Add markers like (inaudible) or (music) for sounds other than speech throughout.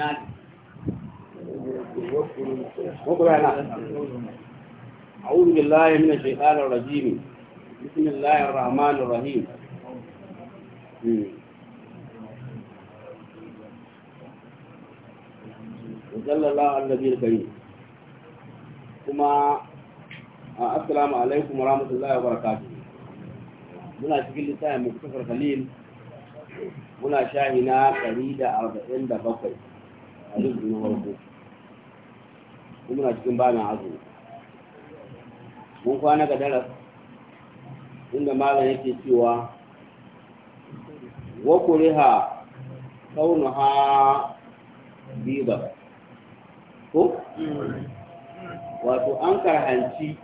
أعوذ بالله من الشيطان الرجيم بسم الله الرحمن الرحيم وصلى الله على النبي الكريم ثم السلام عليكم ورحمة الله وبركاته هنا muna cikin مختصر خليل هنا شاهنا فريدة أربعين دقيقة hadis na farko kuma na cikin bayan azumi mun kwana ga daras inda malam yake cewa wa kuriha kaunaha biba ko wato an karhanci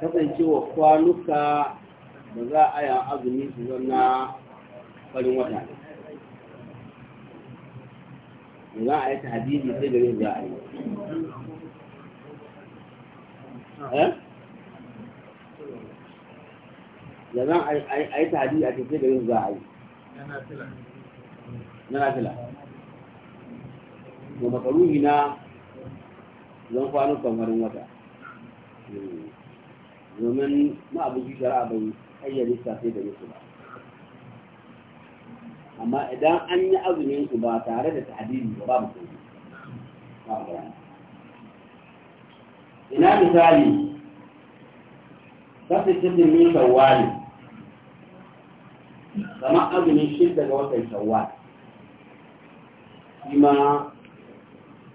kasancewa kwanuka da za a yi azumi su zanna farin wata ne za a yi ta hadidi sai gare za a yi eh? da za a yi ta hadidi a cikin gare za a yi na nafila da makaruhi na zan kwano kamarin wata hmm. domin ma abin shara'a bai ayyana sai da yake ba amma idan an yi azumin su ba tare da ta'adili ba babu komai ina misali kasu cikin min shawwali kamar azumin shidda ga watan shawwali shi ma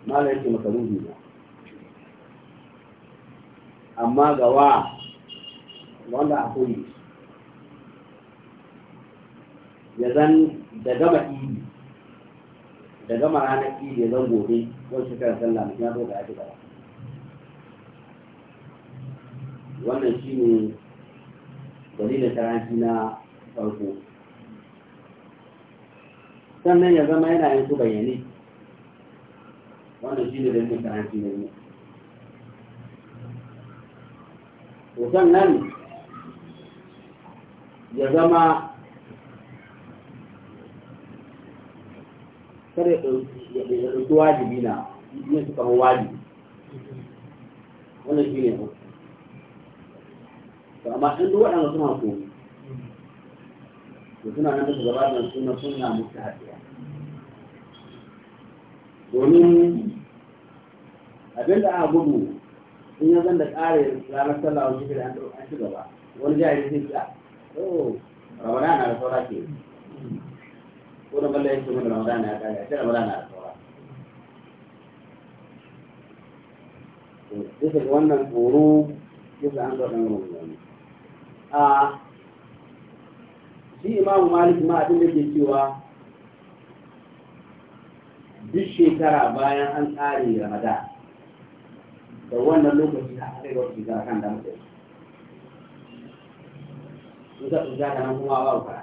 malar yake makaruhi amma gawa wanda a koyi ya zan da gama idi da gama ranar idi ya zan gobe wani shekarar sallah mutum ya zo da ake gaba wannan shi ne dalilin karanci na farko sannan ya zama yana yin su bayyane wannan shi ne dalilin karanci na yi, to sannan ya zama kada ya ɗauki wajibi na yin su kama wajibi wannan shi ne to amma in duk waɗanda suna so to suna nan da gaba da suna suna musu haɗiya domin abin da aka gudu in ya zan da ƙare ranar sallah wani shi da an ci gaba wani jari sai ya ah, oh ramadana da saura ke wurin balla yake da ramadan ya kare sai ramadan ya tsora to bisa wannan tsoro yasa an zo dan ramadan a shi imamu malik ma abin da ke cewa duk shekara bayan an tsare ramadan da wannan lokaci na haɗe wata shekara kan da mutum. Kusa kuma ba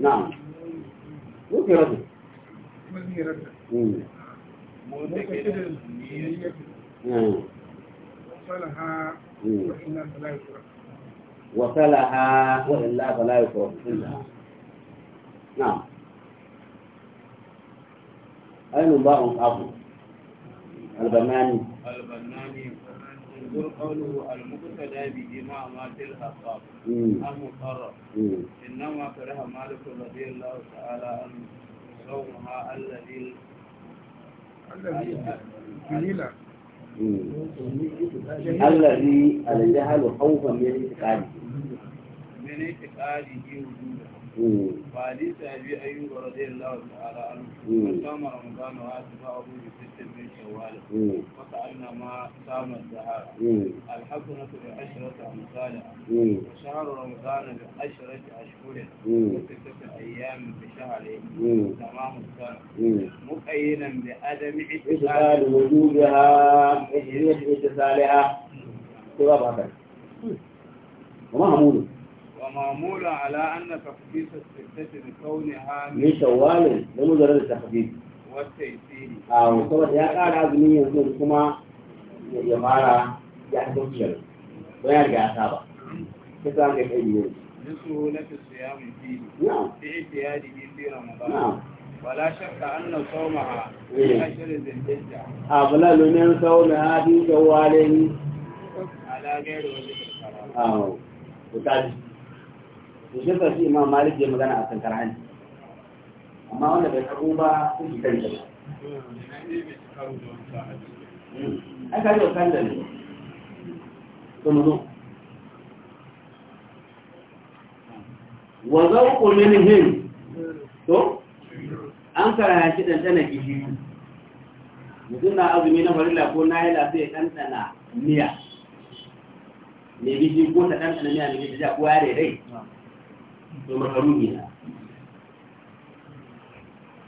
نعم مغيرة مغيرة نعم. وصلها وإلا فلا يفرق وصلها وإلا فلا يفرق نعم أين الله أفضل البناني البناني انظر قوله المبتدا به مع ما في الخطاب المقرر انما كره مالك رضي الله تعالى عنه صومها الذي الذي الجهل خوفا من اعتقاده من اعتقاده وجودا فحديث أبي أيوب رضي الله تعالى عنه صام رمضان وأتباعه أن من شوال وفعلنا ما صام الدهر الحسنة بعشرة أمثالها وشهر رمضان بعشرة أشهر وستة أيام بشهرين تمام السنة مؤيدا بعدم اتصال وجوبها اتصالها وما همونه ومعمول على أن تخفيف الستة لكونها من شوال لمجرد التخفيف والتيسير أو كما يا قال عزمي يقول كما يمارا يحدث شر ويرجع سابع رجع سابا كتاب أي يوم لسهولة الصيام فيه نعم في اعتياده في رمضان نعم ولا شك أن صومها في عشر ذي الحجة أفضل لمن صومها في شواله على غير وجه الكرامة أو وتعرف to shi yasa shi imam malik ya magana a kan karhani amma wanda bai karu ba sun shi kanta ba hmm. an kare da kan da ne to mu zo wa zawqu minhum to an karanta dandana gishiri mutum na azumi na farilla ko na yi sai ya ɗanɗana miya ne gishi ko ta ɗanɗana miya mai gishi ko ya rai to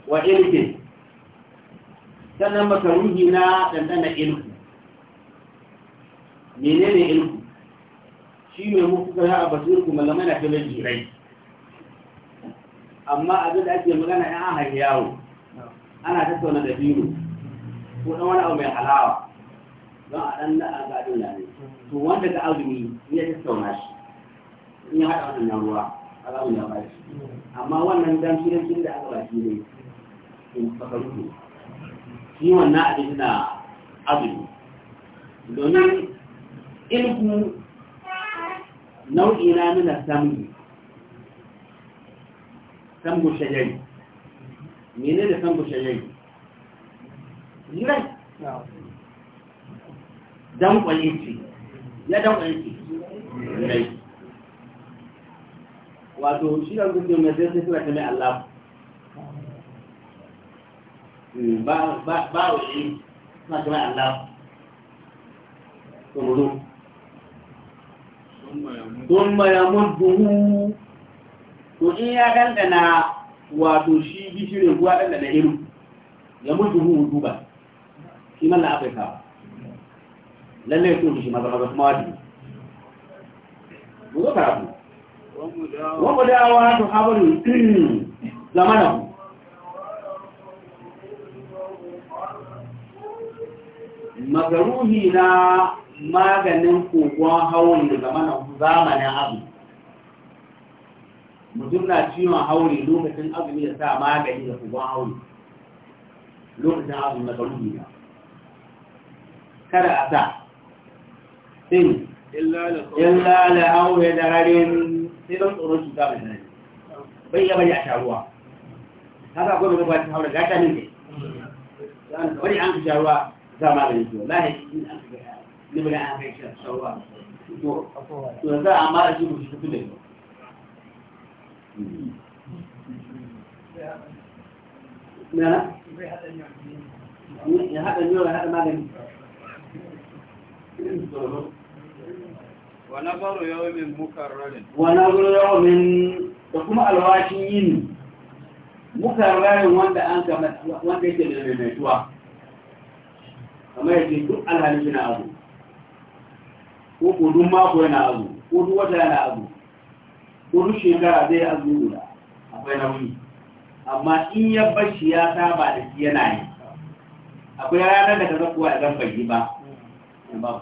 wa ilfin sannan makaruhi na ɗanɗana ilku menene ilku shi mai muku kaya a basirku malamai na kala jirai amma abin da ake magana ya an yawo ana tattauna da biyu ko ɗan wani abu mai halawa don a ɗan na'a ga abin to wanda ka azumi ya tattauna shi in ya haɗa wannan ruwa haramun ya bashi amma wannan dan shirakin da aka bashi ne in fakarku shi wannan abin na azumi domin ilmu nau'i na nuna samu sambu shajari mene da sambu shajari jirai dan kwaye ce ya dan kwaye ce jirai wato shi da kuke mai sai suna ta Allah hmm, ba ba ba wani suna Allah to mu thumma yamudduhu to in ya dandana wato shi gishirin irin ya mudduhu duba shi man la afirka lalle to shi maza maza kuma wajibi mu zo karatu wa mudawa to habaru (clears throat) zamana makaruhi na maganin kogon hawan da zamanin zamanin abu mutum na ciwon hauri lokacin azumi ya sa magani da kogon hauri lokacin azumi na na kada a sa sin illa da haure da rarin sai don tsoron cuta mai nan bai iya bari a sharuwa haka akwai mai gwajin haura gata min ne bari an ka sharuwa za ma gani to lahi ne bari an kai sharuwa to za a mara shi mutu shi da yau Nana? Ya haɗa yau ya haɗa magani. wa nazaru yawmin mukarrarin wa nazaru da kuma alwashin yin mukarrarin wanda an kama wanda yake da maimaituwa kamar yake duk alhali abu ko ko mako yana abu ko duk wata yana abu ko duk shekara zai azu da akwai nauyi amma in ya bashi ya saba da shi yana yi akwai ranar da ka zakuwa idan bai yi ba ba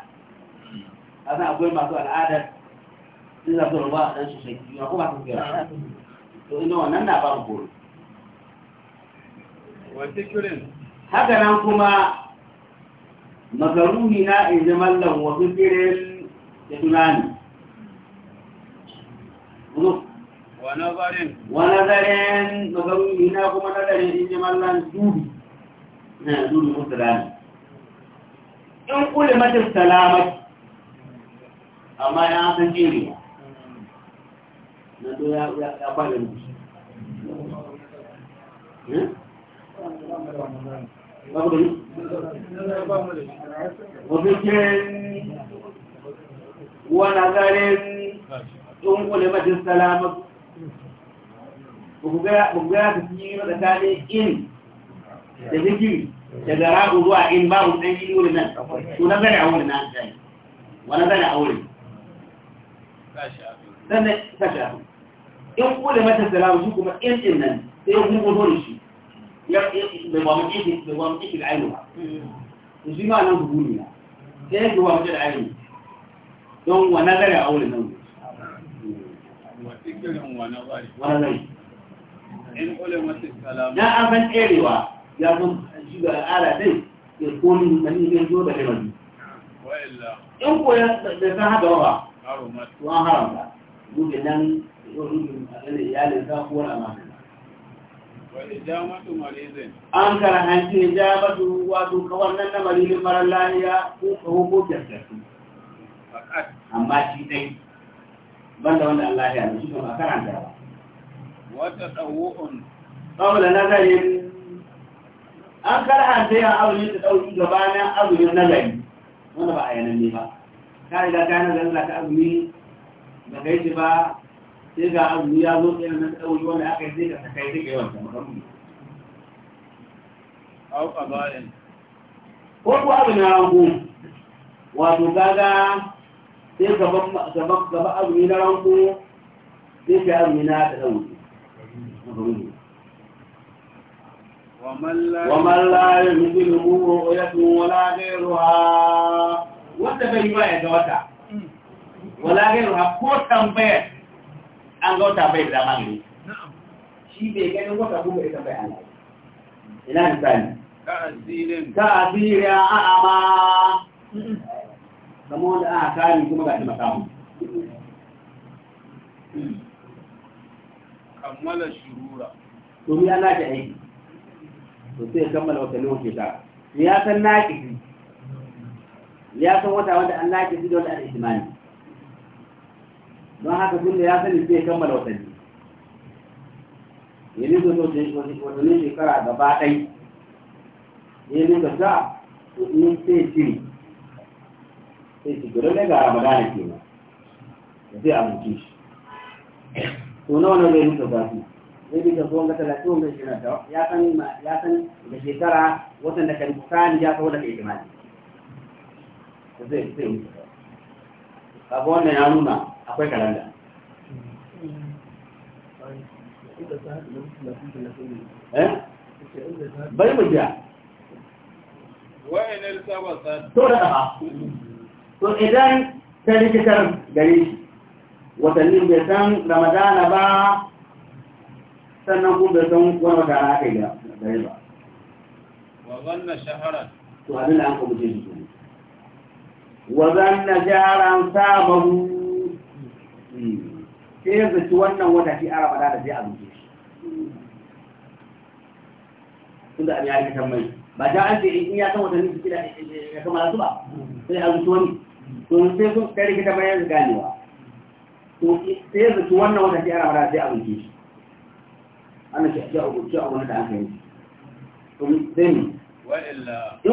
a san akwai masu al'adar in za su ruwa dan su sai kiwa ko masu to wannan na haka nan kuma makaruhi na in zama wasu da tunani wa nazarin makaruhi na kuma nazarin in zama dubi na eh, dubi musulani in amma ya san jeri na to ya ya fara rubutu وبكين ونظر تنقلبت salama? buga ta fi yi da ne in da zikiri da gara'u zuwa in babu ɗan yi wuri nan na zara a wuri na na a wuri sannan ta shafi in mata salamu shi kuma in din nan sai ya kuma zo da shi ya ba mu ƙi bai ba mu da ainihi ba to ma nan hukumi na sai ya ba mu ƙi da ainihi don wa nazari a wurin nan wani zai in kula salamu na an san ya san shi ga al'ada dai ya koli mani ne zo da limani in da san haka ba to an haramta gudun nan rubin a iyalin sa ko wani amana an karahanci ne jamatu wato kawar nan na marilin marar lahiya ko kawo ko kyarkyarsu amma shi dai banda wanda Allah ya nushi don a karanta ba wata tsawo'un ƙaula nazarin an karhanta yin abu ne ta ɗauki gabanin abu ne nazari wanda ba a yanar ne ba ka riga ka yana zalla ka azumi ba ka yi shi ba sai ga azumi ya zo tsaye na ɗauki wanda aka yi zai ka sakai zai ka yi wancan au ƙabarin ko ku abu na ranku wato kaga sai gaba azumi na ranku sai ka azumi na ta ɗauki ومن لا يمكنه رؤية ولا غيرها wanda bai yi ba ya ga wata wala gairu ruwa ko tambaya, an ga wata bai da dama gare shi bai ganin wata kuma ita bai Allah ina misali ka asirin a'ama kama wanda a kari kuma ga taimaka mu kammala shurura to ya na ta aiki to sai kammala wata lokaci ta ya san na ki ya san wata wanda Allah ke da wata al-ihtimali don haka tun da ya sani sai kammala watanni ya nika so ne shekara gaba ɗai ya nika sa kuɗi sai shiri sai shi gudu ne ga ramadana ke ma da zai mutu shi to nawa na zai nika zafi zai nika so wanda talatin na ta ya san da shekara watan da kan kusa ni ya kawo ka ihtimali zai zai ya nuna akwai kalanda eh? bari mu jiya to da to idan ta rikitar gare shi bai san ramadana ba sannan kuma bai san wani wata ana yi gare ba wa wannan shaharar to abin da an kuma jirgin وذن جارا سابه كيف تتوانا ودا في عرب لا تجي أبو جيش كنت أبي إن يأتوا تنسي كلا يكما لا تبع كلا أبو في عرب لا تجي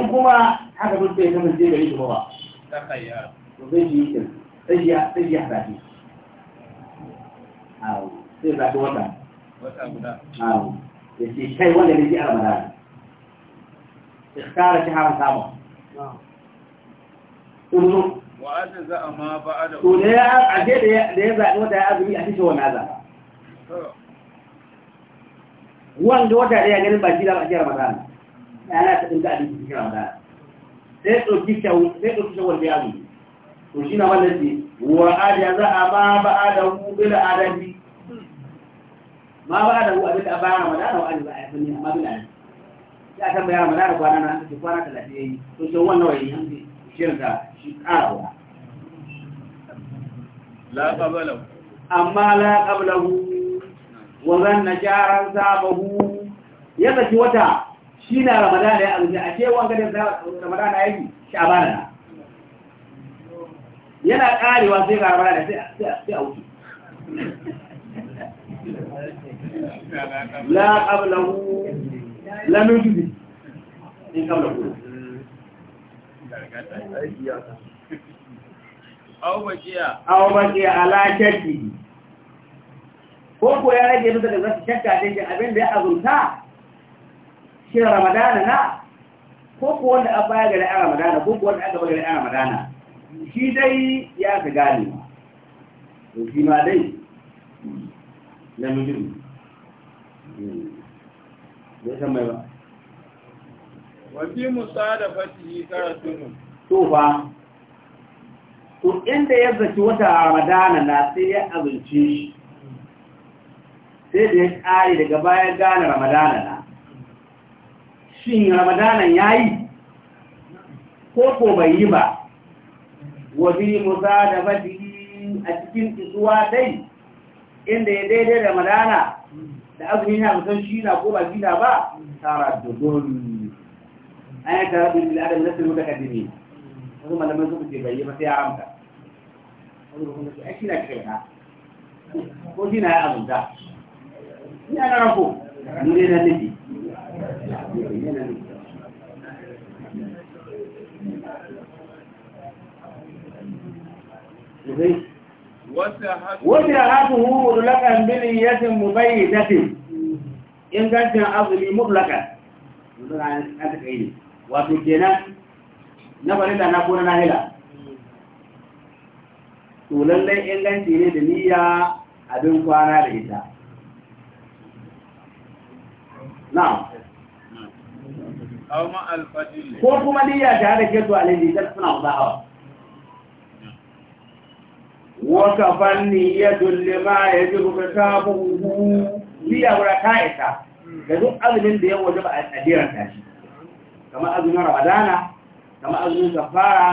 إن كما حسب تخير وبيجي تجي تجي حباتي أو تبعت وطن وطن وطن أو يجي شيء ولا يجي على مدار اختار شهر سامو نعم وأجزاء ما بعده ولا أجد ليبعد وطن أبني أتيش ونازل wanda wata ɗaya ganin ba shi da ba a jiyar Ramadan ana ta ɗin sai ɗauki shawar da yaro to shi na wannan ce wa ajiya za a ma ba a da hu bila adadi ma ba a da hu abin da a bayan ramadana wa ajiya ba a yi sunni amma bila adadi ya san bayan ramadana kwana na da kwana talatin ya yi to shi wannan yi yanzu shirin ta shi ƙara wa la qablahu amma la qablahu wa zanna jaran sabahu ya saki wata shi na ramadana ya abuja a cewa ga da ramadana yi sha'abana na yana karewa sai ga ramadana sai a wuce la qablahu la nujbi in qablahu aw bakiya aw bakiya ala shakki ko ko ya rage bisa da zaka shakka dai abin da ya azunta shi ramadana na ko ko wanda aka baya gari an ramadana ko ko wanda aka gari an ramadana shi dai ya ka gane ma to shi ma dai na mijin ya hmm. san mai ba wafi musa da fatihi karatun to fa to inda ya zaci wata ramadana na sai ya azunce shi sai da ya ƙare daga bayan gane ramadana na shin ramadanan ya yi ko ko bai yi ba wafi musa da batihi a cikin isuwa dai inda ya daidai ramadana da abin na musan shi na ko ba shi na ba tara gori an yi tara dodon da adam na sinu da kadimi wasu malamai suka ce bai yi sai ya amsa wani rukun da su ai shi na kai na ko shi na ya abunta ni ana ranko ni dai na nufi وسعته مطلقا بنية مبيتة إن كانت أصلي مطلقا wato kenan na farida na ko na nahila to lallai inganci ne da niyya abin kwana da ita na'am aw ma alfajr ko kuma niyya ta da ke to alaihi ta suna udawa ya ji niyyatu lima yajibu biya niyya ta ka'ita da duk azumin da ya wajaba a tsadiran shi. kamar azumin ramadana kamar azumin kafara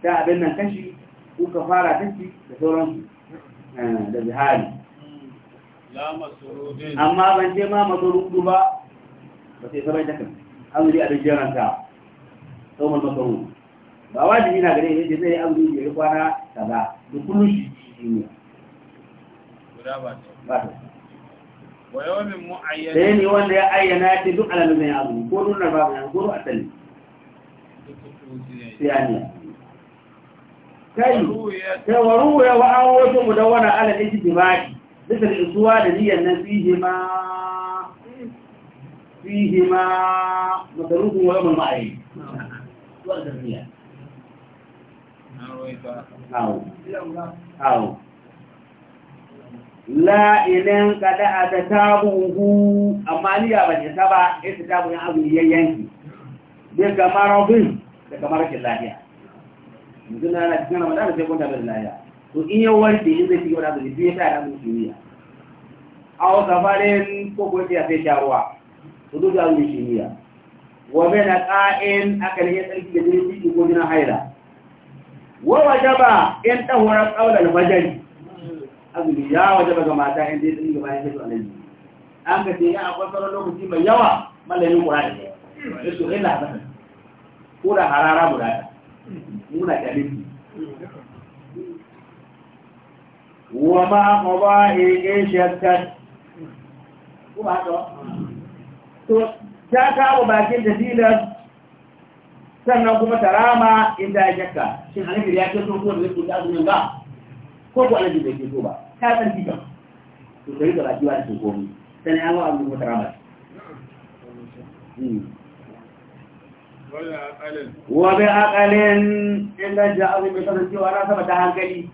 ta abin nan kashi ko kafara kashi da sauran eh, da zihari amma ban ce ma masarudu ba ba sai sabai takan azumi a ta saumar makaru ba wajibi na gare yadda zai da ya yi kwana kaza da kullum shi shi ne ba ta sai wanda ya ayyana ce duk alamin ya abu ko na ba yana ko a sani Ta kai ta waruwa wa an wato mudawana ala ijtimai bisa da suwa da niyyar nan fihi ma فيهما مكروه ويوم المعين سورة التسمية أو أو la idan kada a ta tabuhu amma ni liya ba ta ba ita tabu ya abu yayyanki bai kamar rabin da kamar kin lafiya mutum na na cikin ramadan sai kun tabbata lafiya to in yau warke in zai cigaba da azumi bai ta da azumi duniya. a wasa farin ko ko ya sai sharuwa sudu da wishiniya ومن قائم أكل يسألك بجريسي تكوننا حيرا ووجب إن تهور قول الفجر أقول يا وجب كما تا إن دي سنك ما يسألك عن الجريسي أم كتير يا أقول صلى الله عليه يوا ما لنو مرادة يسو غلا كورا حرارة مرادة مونا جريسي وما قضاه إن شكت كما أتوا to ta kawo bakin da dinar sannan kuma ta rama inda ya shakka shi annabi ya ce so kuma da ya da azumin ba ko ko annabi bai ce so ba ta san shi kan to sai da baki wani ke komi sai an wa azumin ta rama wa bi aqalin inda ja azumin ta cewa na sama ta hankali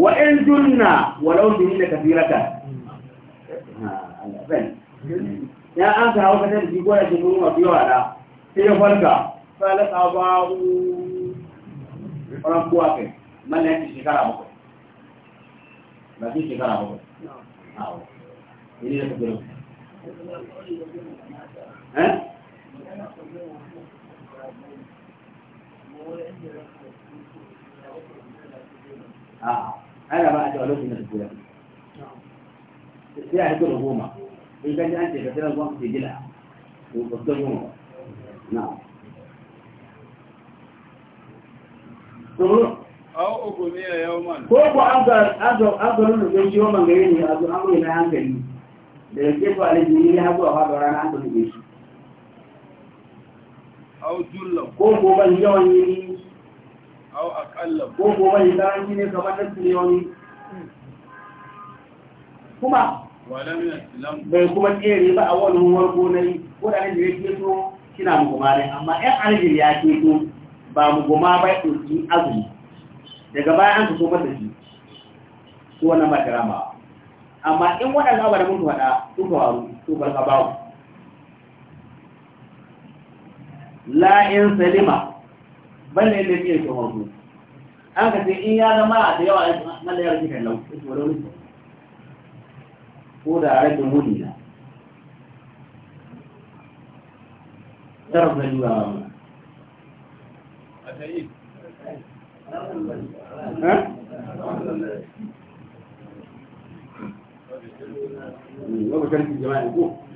wa in dunna walau dunna kafirata ha Allah ya an kawo ka tarki ko ya shekaru mafi yawa da sai ya farka sai ya tsaba ran kuwa kai Man yanki shekara bakwai shekara bakwai da kafin eh a lokacin da su sai a hito goma in ka ji an ce ka sai rangon ka gila to ba ta na Ko ko an ga an ga an ga nuna gaishe wa man gare ne a zo an na hankali. Da ko alijini ne har zuwa fara rana an ga nuna shi. Ko ko ban yawan yi. Aw akalla. Ko ko ban yi ne kamar na tsire Kuma bai kuma tsere ba a wannan warko gonari. ko da ya keto kina muguma ne amma 'yan aljir ya keto ba muguma ba ya ɗauki azumi daga baya an kaso masa shi ko wannan ba amma in waɗanda abu da mun faɗa sun faru to barka bawo la'in in salima balle da ke su an ka ce in ya zama da yawa na da yawa kika lau ko wani ko da rabin wuri na tarf na jura ba